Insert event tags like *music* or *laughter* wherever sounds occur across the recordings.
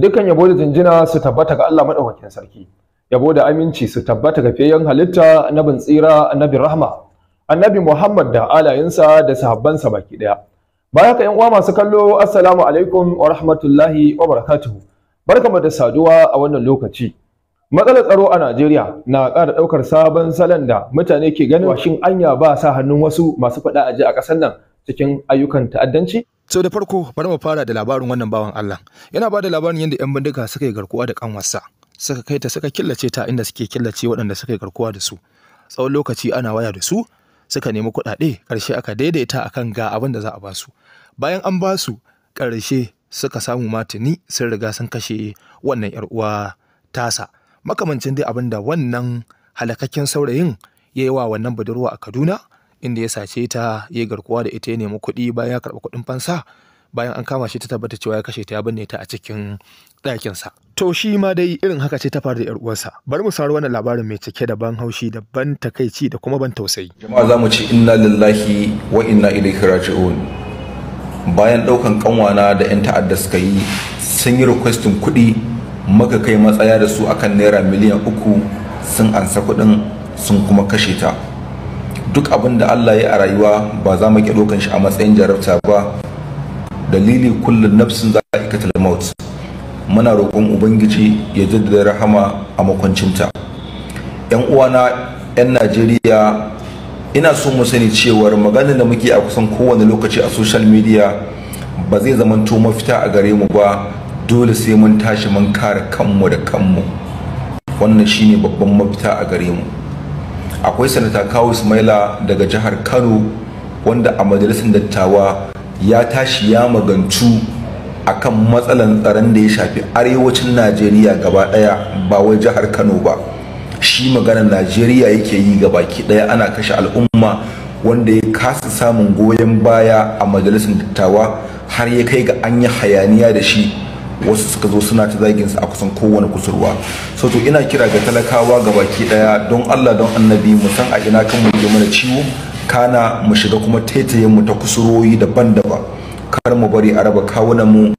dukan yabo da jinjina su tabbata ga Allah madaukakin sarki yabo da aminci su tabbata ga fiyayyen halitta annabin tsira annabin rahma annabi Muhammad da alayensa da sahabbansa baki daya baya haka yan uwa masu kallo assalamu alaikum wa rahmatullahi wa barakatuhu barkamu da saduwa a wannan lokaci matsalar tsaro a Najeriya na ƙara ɗaukar sabon salon da mutane ke ganin shin anya ba sa hannun wasu masu faɗa aji a ƙasar nan cikin ayyukan ta'addanci So da farko bari mu fara da labarin wannan bawan Allah. Yana ba da labarin yadda 'yan bindiga suka yi garkuwa da kanwarsa, suka kai ta suka killace ta inda suke killace waɗanda suka yi garkuwa da su. Tsawon lokaci ana waya da su, suka nemi kuɗaɗe, ƙarshe aka daidaita a kan ga abin da za a ba su. Bayan an ba su, ƙarshe suka samu matuni sun riga sun kashe wannan 'yar uwa tasa. Makamancin dai abin da wannan halakakken saurayin ya yi wa wannan budurwa a Kaduna inda ya sace ta ya garkuwa da ita ya nemi kuɗi bayan ya karɓi kuɗin fansa bayan an kama shi ta tabbata cewa ya kashe ta ya binne ta a cikin ɗakinsa. To shi ma dai irin haka ce ta faru da ‘yar uwarsa. Bari mu saurari wannan labarin mai cike da ban haushi da ban takaici da kuma ban tausayi. Jama'a za mu ce inna lillahi wa inna ilaihi raji'un. Bayan ɗaukan kanwana da ‘yan ta'adda suka yi sun yi requestin kuɗi muka kai matsaya da su akan naira miliyan uku sun ansa kuɗin sun kuma kashe ta. duk abin da Allah ya a rayuwa ba za mu ke ɗaukan shi a matsayin jarabta ba dalili kullum nafsin za a ikatal maut muna roƙon ubangiji ya jaddada rahama a makwancinta yan uwana yan najeriya ina so mu sani cewa maganar da muke a kusan kowane lokaci a social media ba zai zamanto mafita a gare mu ba dole sai mun tashi mun kare kanmu da kanmu wannan shine babban mafita a gare mu akwai sanata kawo ismaila daga jihar kano wanda a majalisar dattawa ya tashi ya magantu akan matsalan tsaron da ya shafi arewacin najeriya gaba daya ba wai jihar kano ba shi maganar najeriya yake yi gaba ki daya ana kashe al'umma wanda ya kasa samun goyon baya a majalisar dattawa har ya kai ga an yi hayaniya da shi wasu suka zo suna ta zagin su a kusan kowane kusurwa so to ina kira ga talakawa ga baki daya don Allah don annabi mu san a ina kan mu ke mana ciwo kana mu shiga kuma taitayen mu ta kusurwoyi daban-daban kar mu bari a raba kawunan mu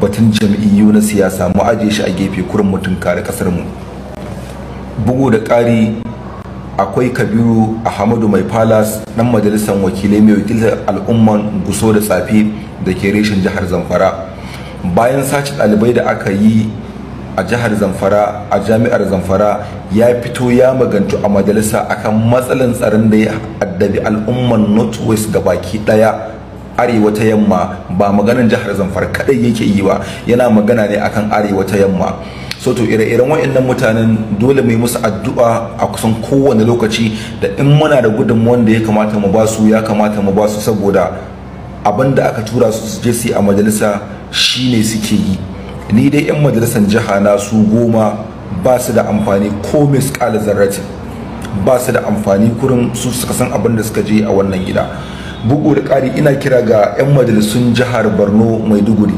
batun jam'iyyu na siyasa mu ajiye shi a gefe kurin mutum kare kasar mu bugu da ƙari akwai kabiru ahmadu mai palace dan majalisar wakilai mai wakiltar al'umman guso da tsafi da ke reshen jihar zamfara bayan sace dalibai da aka yi a jihar zamfara a jami'ar zamfara ya fito ya magantu a majalisa akan matsalan tsaron da ya addabi al'umman northwest ga baki daya arewa ta yamma ba maganan jihar zamfara kadai yake yi ba yana magana ne akan arewa ta yamma so to ire-iren wa'annan mutanen dole mai musu addu'a a kusan kowane lokaci da in muna da gudunmuwan da ya kamata mu basu ya kamata mu basu saboda abin da aka tura su su je su yi a majalisa shine suke yi ni dai 'yan majalisar jiha na su goma ba su da amfani ko miskala zarrati ba su da amfani kurin su suka san abin da suka je a wannan gida bugu da ƙari ina kira ga 'yan majalisun jihar borno maiduguri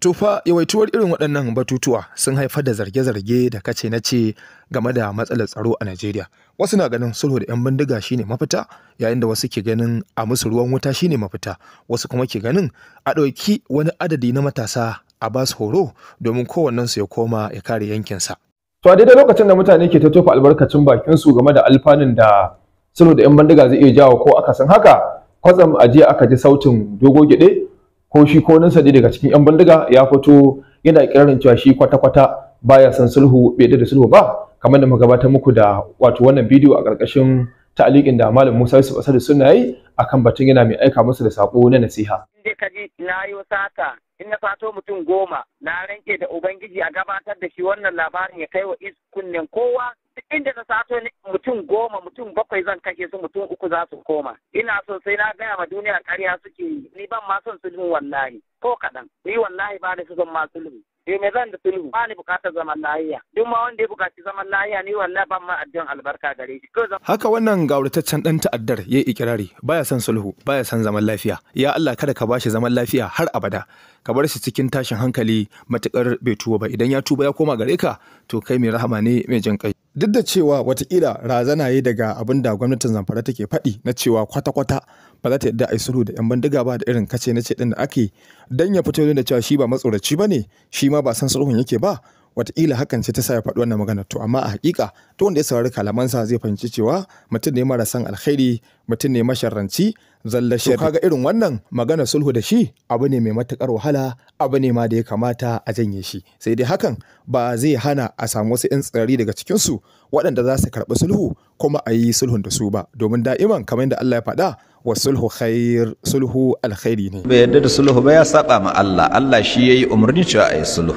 tufa yawaituwar irin waɗannan batutuwa sun haifar da zarge-zarge da kace na ce game da matsalar tsaro a Najeriya. Wasu na ganin sulhu da 'yan bindiga shine mafita, yayin da wasu ke ganin a musu ruwan wuta shine mafita, wasu kuma ke ganin a ɗauki wani adadi na matasa a basu horo domin su ya koma ya kare yankinsa. To a daidai lokacin da mutane ke ta tofa albarkacin bakinsu game da alfanun da sulhu da 'yan bindiga zai iya jawo ko aka san haka, kwatsam a jiya aka ji sautin dogo gyaɗe ko shi ko nan sadi daga cikin yan bindiga, ya fito yana kirarin cewa shi kwata-kwata baya san sulhu bai da sulhu ba kamar da muka gabatar muku da wato wannan bidiyo a ƙarƙashin ta'aliqin da malam Musa Yusuf Asadu suna yi akan batun yana mai aika musu da sako na nasiha. Inda ka ji na yi sata in na fato mutum goma na ranke da Ubangiji a gabatar da shi wannan labarin ya kai wa iskunnen kowa inda na sato mutum goma mutum bakwai zan kashe su mutum uku za su koma ina so sai na gaya ma duniya ƙarya suke yi ni ban ma son sulhu wallahi ko kaɗan ni wallahi ba ni son ma sulhu eh me zan da sulhu ba ni bukatar zaman lahiya duk ma wanda ya bukaci zaman lahiya ni wallahi ban ma addu'an albarka gare shi haka wannan gaurataccen dan ta'addar yayi ikirari baya son sulhu baya son zaman lafiya ya Allah kada ka bashi zaman lafiya har abada ka bar shi cikin tashin hankali matukar bai tuba ba idan ya tuba ya koma gare ka to kai mai rahama ne mai jin kai duk da cewa watakila razana yi daga abin da gwamnatin zamfara take faɗi na cewa kwata-kwata ba za ta yadda a yi sulhu da 'yan bindiga ba da irin kace na ce ɗin da ake don ya fito da cewa shi ba matsoraci ba ne shi ma ba san sulhun yake ba wataƙila hakan ce ta sa ya faɗi wannan magana to amma a haƙiƙa to wanda ya saurari kalamansa zai fahimci cewa mutum ne mara san alkhairi mutum ne masharranci zalla shi kaga irin wannan magana sulhu da shi abu ne mai matukar wahala abu ne ma da ya kamata a janye shi sai dai hakan ba zai hana a samu wasu yan tsirari daga cikin su waɗanda za su karɓi sulhu kuma a yi sulhun da su ba domin da'iman kamar yadda Allah ya faɗa wa sulhu khair sulhu alkhairi ne bai yarda da sulhu ba ya saba ma Allah Allah shi yayi umarni cewa a yi sulhu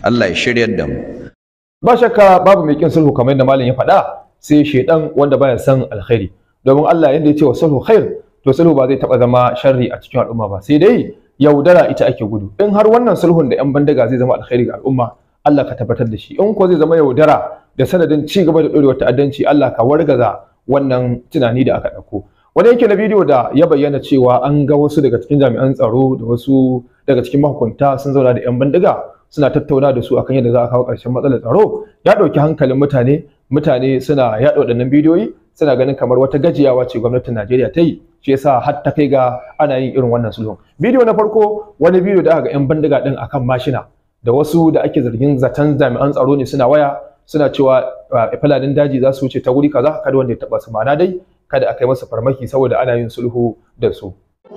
Allah ya shiryar da mu ba shakka babu mai kin sulhu kamar yadda malam ya faɗa sai shaidan wanda baya san alkhairi domin Allah yanda ya ce wa sulhu khair to sulhu ba zai taba zama sharri a cikin al'umma ba sai dai yaudara ita ake gudu in har wannan sulhun da yan bandaga zai zama alkhairi ga al'umma Allah ka tabbatar da shi in ko zai zama yaudara da sanadin ci gaba da ɗorewar ta'addanci Allah ka wargaza wannan tunani da aka ɗauko wani yake na bidiyo da ya bayyana cewa an ga wasu daga cikin jami'an tsaro da wasu daga cikin mahukunta sun zauna da 'yan bindiga suna tattauna da su akan yadda za a kawo ƙarshen matsalar tsaro ya ɗauki hankalin mutane mutane suna yaɗa waɗannan bidiyoyi suna ganin kamar wata gajiyawa ce gwamnatin Najeriya ta yi shi yasa har ta kai ga ana yin irin wannan sulhun bidiyo na farko wani bidiyo da aka ga 'yan bindiga din akan mashina da wasu da ake zargin zaton jami'an tsaro ne suna waya suna cewa eh, fulanin daji za su wuce ta wuri kaza kada wanda ya taɓa su ma'ana dai kada a kai masa farmaki saboda ana yin sulhu da su Hello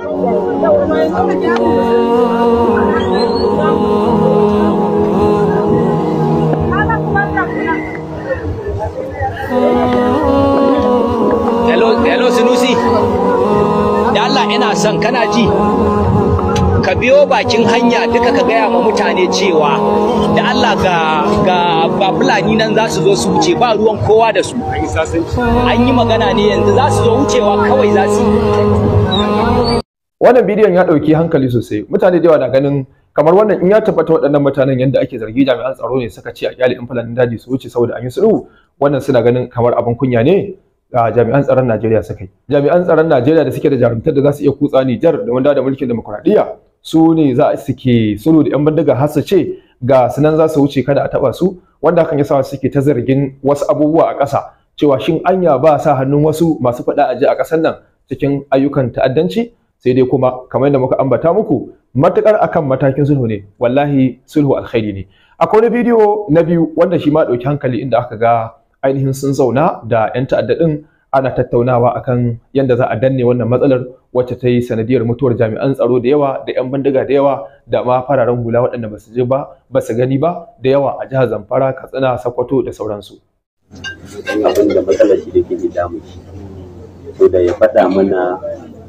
Sinusi, da Allah ina son kana ji, ka biyo bakin hanya duka ka gaya ma mutane cewa da Allah ga ga ba fulani nan za su zo su wuce ba ruwan kowa da su. An yi magana ne yanzu za su zo wucewa kawai za su yi. wannan bidiyon ya ɗauki hankali sosai mutane da yawa na ganin kamar wannan in ya tabbata waɗannan mutanen yadda ake zargi jami'an tsaro ne suka ce a kyale in fulanin daji su wuce saboda an yi sulhu wannan suna ganin kamar abin kunya ne a jami'an tsaron Najeriya suka yi jami'an tsaron Najeriya da suke da jarumtar da za su iya kutsa Nijar da wanda da mulkin demokuraɗiyya su ne za su ke sulhu da 'yan bindiga har su ce ga sunan za su wuce kada a taba su wanda hakan ya sa suke ta zargin wasu abubuwa a ƙasa cewa shin anya ba sa hannun wasu masu faɗa a ji a ƙasar nan cikin ayyukan ta'addanci sai dai kuma kamar yadda muka ambata muku matukar akan matakin sulhu ne wallahi sulhu alkhairi ne akwai wani bidiyo na biyu wanda shi ma ɗauki hankali inda aka ga ainihin sun zauna da 'yan ta'adda din ana tattaunawa akan yadda za a danne wannan matsalar wacce ta yi sanadiyar mutuwar jami'an tsaro da yawa da 'yan bindiga da yawa da ma fararen hula waɗanda ba su je ba ba su gani ba da yawa a jihar zamfara katsina sokoto da sauransu. abin da matsalar shi da ke damu shi ko da ya faɗa mana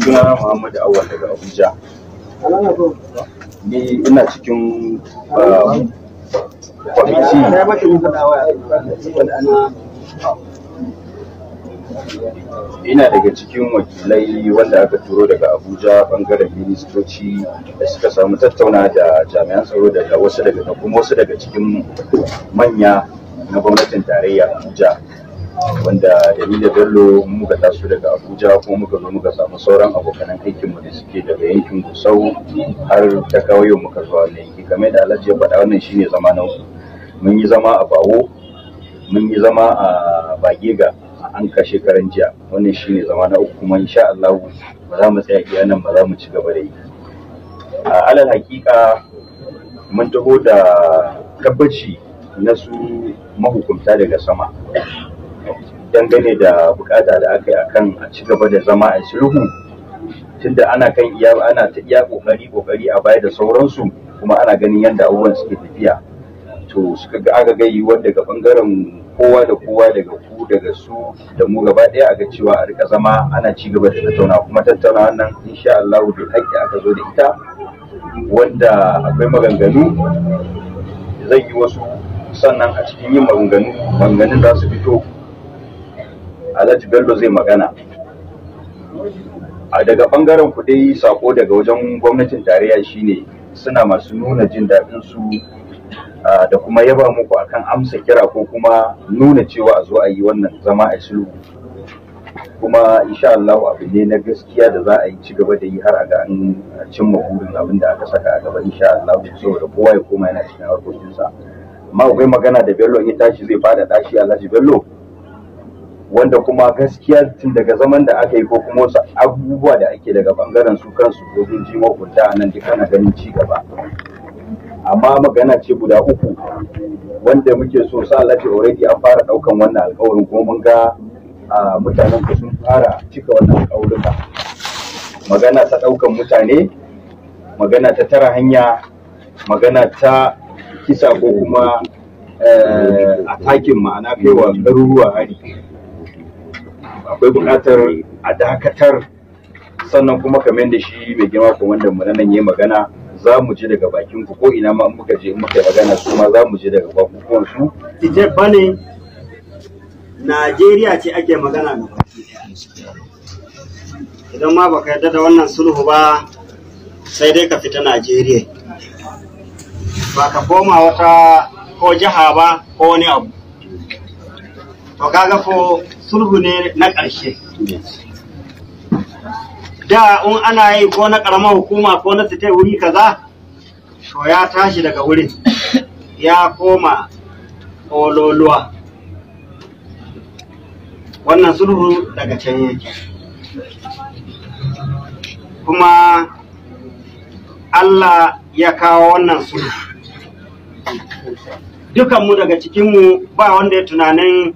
suna Muhammad Awal daga Abuja ni ina cikin um, kwamiti ina daga cikin wakilai wanda aka turo daga abuja bangaren ministoci da suka samu tattauna da jami'an tsaro da wasu daga kuma wasu daga cikin manya na gwamnatin tarayya abuja wanda Jamila Bello muka taso daga Abuja kuma muka zo muka samu sauran abokan aikin mu da suke daga yankin Gusau har ta kawayo muka zuwa ne yanki game da Alhaji ya faɗa wannan shine zama na mun yi zama a Bawo mun yi zama a Bagega a Anka shekaran jiya wannan shine zama na uku kuma insha Allah ba za mu tsaya iya nan ba za mu ci gaba da yi a alal hakika mun taho da tabbaci na su mahukunta daga sama dangane da bukata da aka yi akan a ci gaba da zama a sulhu tunda ana kan iya ana ta iya kokari kokari a baya da sauransu kuma ana ganin yadda abubuwan suke tafiya to suka ga aka ga yiwuwar daga bangaren kowa da kowa daga ku daga su da mu gaba daya ga cewa a rika zama ana ci gaba da tattauna kuma tattauna wannan insha Allah da hakki aka zo da ita wanda akwai maganganu zai yi wasu sannan a cikin yin maganganu maganganun za su fito alhaji bello zai magana a daga bangaren ku dai sako daga wajen gwamnatin tarayya shine suna masu nuna jin daɗin su da kuma yaba muku akan amsa kira ko kuma nuna cewa a zo a yi wannan zama a sulhu kuma insha Allah abu ne na gaskiya da za a yi ci gaba da yi har a ga an cimma burin abin da aka saka a gaba insha Allah saboda kowa ya koma yana cikin harkokinsa amma akwai magana da Bello in ya tashi zai fada dashi Alhaji Bello wanda kuma gaskiya tun daga zaman da aka yi ko kuma wasu abubuwa da ake daga bangaren su kansu ko sun ji mahukunta a nan duk na ganin ci gaba amma magana ce guda uku wanda muke so sa Allah ce already an fara daukan wannan alƙawarin kuma mun ga mutanen ku sun fara cika wannan alƙawarin magana ta daukan mutane magana ta tara hanya magana ta kisa ko kuma eh, a takin ma'ana kaiwa garuruwa hari akwai buƙatar a dakatar sannan kuma kamar yadda shi mai girma ko wanda mu nan yayi magana za mu je daga bakin ku ko ina ma muka je in muka magana su ma za mu je daga bakin ku su ita bane Najeriya ce ake magana da baki idan ma baka yarda da wannan sulhu ba sai dai ka fita Najeriya ba ka koma wata ko jiha ba ko wani abu to kaga ko sulhu ne na ƙarshe da in ana yi ko na ƙaramar hukuma ko na sitai wuri kaza to ya tashi daga wurin ya koma ololuwa wannan sulhu daga can yake kuma Allah ya kawo wannan sulhu dukanmu daga cikinmu ba wanda ya tunanin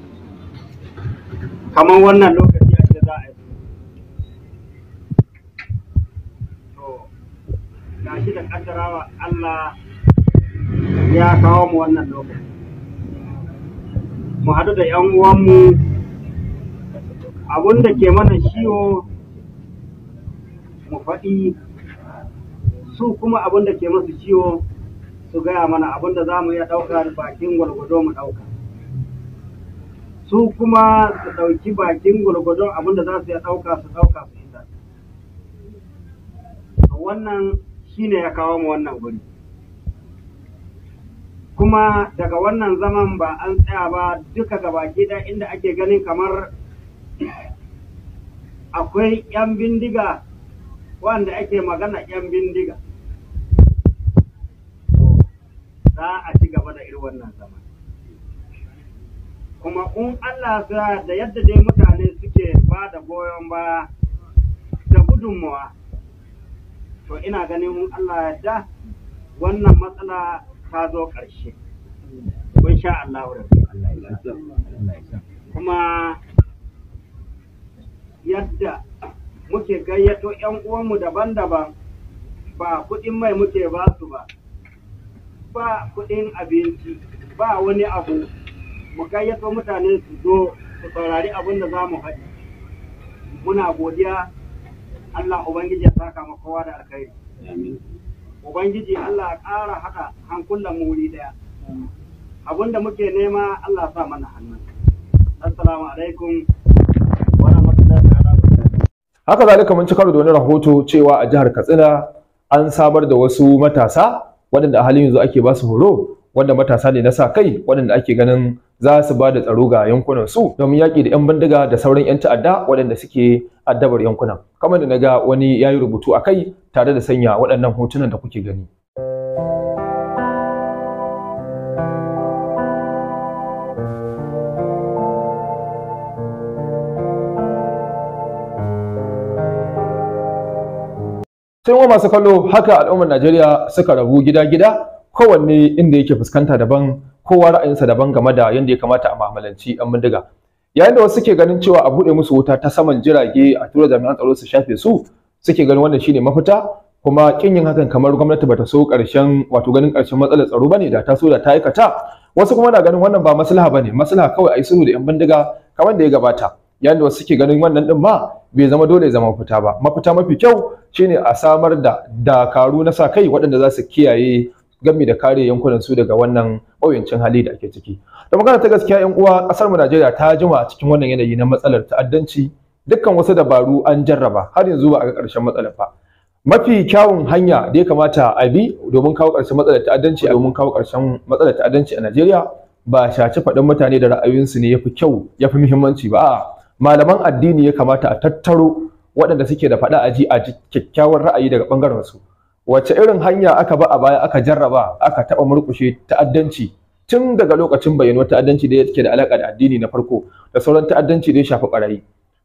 kamar wannan lokaci a za a yi to ga shi da kaddarawa Allah ya kawo mu wannan lokaci mu haɗu da ‘yan uwanmu abun da ke mana shiwo mu faɗi su kuma abun da ke masu ciwo su gaya mana abun da za mu iya ɗauka bakin gwargwado mu ɗauka su kuma su ɗauki bakin gwargwadon abin da za su ya ɗauka su ɗauka su isa wannan shi ne ya kawo mu wannan guri kuma daga wannan zaman ba an tsaya ba duka ga baki ɗaya inda ake ganin kamar akwai 'yan bindiga wanda ake magana 'yan bindiga za a ci gaba da irin wannan zaman kuma in Allah ya da yadda dai mutane suke ba da goyon baya da gudunmawa to ina ganin in Allah ya da wannan matsala ta zo ƙarshe kun sha Allah kuma yadda muke gayyato 'yan uwanmu daban-daban ba kuɗin mai muke ba su ba ba kuɗin abinci ba wani abu mu gayyato mutane su zo su saurari abin da za mu haɗi muna godiya Allah Ubangiji ya saka ma kowa da alkhairi Ubangiji Allah ya ƙara haɗa hankulan mu wuri ɗaya abin da muke nema Allah sa mana hannu assalamu alaikum wa rahmatullahi wa barakatuh haka zalika mun ci karo da wani rahoto cewa a jihar Katsina an samar da wasu matasa waɗanda a halin yanzu ake ba su horo wanda matasa ne na sa kai waɗanda ake ganin za su ba da tsaro ga yankunan su domin yaƙi da 'yan bindiga da sauran 'yan ta'adda waɗanda suke addabar yankunan kamar da na ga wani ya yi rubutu a kai tare da sanya waɗannan hotunan da kuke gani. sai wa masu kallo haka al'ummar Najeriya suka rabu gida-gida kowanne inda yake fuskanta daban kowa ra'ayinsa daban game da yadda ya kamata a mu'amalanci yan bindiga yayin da wasu suke ganin cewa a buɗe musu wuta ta saman jirage a tura jami'an tsaro su shafe su suke ganin wannan shine mafita kuma kin yin hakan kamar gwamnati bata so karshen, wato ganin karshen matsalar tsaro bane da ta so da ta aikata wasu kuma na ganin wannan ba maslaha bane maslaha kawai a yi sulhu da yan bindiga kamar da ya gabata yayin da wasu suke ganin wannan din ma bai zama dole zama mafita ba mafita mafi kyau shine a samar da dakaru na sa kai waɗanda za su kiyaye gami da kare yankunan su daga wannan ɓauyancin hali da ake ciki da magana ta gaskiya yan uwa ƙasar mu Najeriya ta jima a cikin wannan yanayi na matsalar ta'addanci dukkan wasu dabaru an jarraba har yanzu ba a ga ƙarshen matsalar ba mafi kyawun hanya da ya kamata a bi domin kawo ƙarshen matsalar ta'addanci domin kawo ƙarshen matsalar ta'addanci a Najeriya ba shaci faɗin mutane da ra'ayoyinsu ne yafi kyau yafi muhimmanci ba a'a malaman addini ya kamata a tattaro waɗanda suke da faɗa a ji a kyakkyawar ra'ayi daga ɓangaren su wace irin hanya aka ba a baya aka jarraba aka taɓa murƙushe ta'addanci tun daga lokacin bayyanuwar ta'addanci da yake da alaƙa da addini na farko da sauran ta'addanci da ya shafi ƙarayi?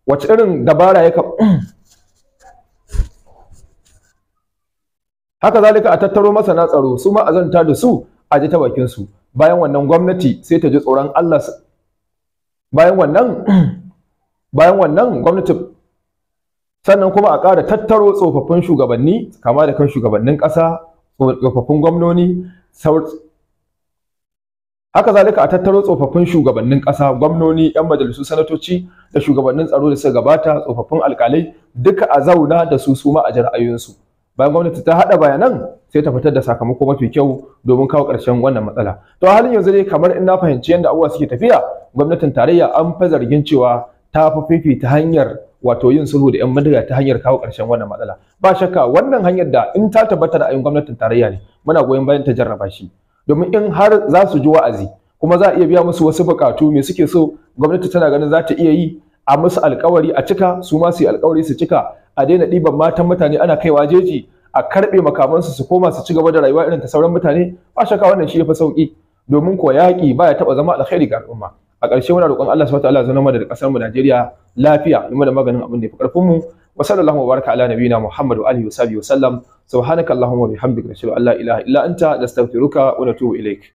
wace irin dabara ya *clears throat* haka zalika a tattaro masana tsaro su ma a zanta da su a ji ta bakin su bayan wannan gwamnati sai ta ji tsoron Allah bayan wannan *clears throat* bayan wannan gwamnati sannan kuma a ƙara tattaro tsofaffin shugabanni kama da kan shugabannin ƙasa tsofaffin gwamnoni haka zalika a tattaro tsofaffin shugabannin ƙasa gwamnoni 'yan majalisu sanatoci da shugabannin tsaro da suka gabata tsofaffin alƙalai duka a zauna da su su a ra'ayoyinsu bayan gwamnati ta haɗa bayanan sai ta fitar da sakamako mafi kyau domin kawo ƙarshen wannan matsala to a halin yanzu dai kamar ina fahimci yadda abubuwa suke tafiya gwamnatin tarayya an fi zargin cewa ta fi fifita hanyar wato yin sulhu da 'yan madiga ta hanyar kawo ƙarshen wannan matsala ba shakka wannan hanyar da in ta tabbata ayyukan gwamnatin tarayya ne muna goyon bayan ta jarraba shi domin in har za su ji wa'azi kuma za a iya biya musu wasu buƙatu me suke so gwamnati tana ganin za ta iya yi a musu alƙawari a cika su ma su yi alƙawari su cika a daina ɗiban matan mutane ana kaiwa jeji a karɓe makamansu su koma su ci gaba da rayuwa irin ta sauran mutane ba shakka wannan shi ya fi sauƙi domin ko yaƙi ba ya taɓa zama alkhairi ga al'umma a ƙarshe muna roƙon Allah subhanahu wataala zama da ƙasar mu Najeriya lafiya kuma da maganin abin da ya fi ƙarfin mu wa sallallahu baraka ala nabiyina Muhammad wa alihi wa sahbihi wa sallam subhanakallahumma wa bihamdika nashhadu an la ilaha illa anta nastaghfiruka wa natubu ilaik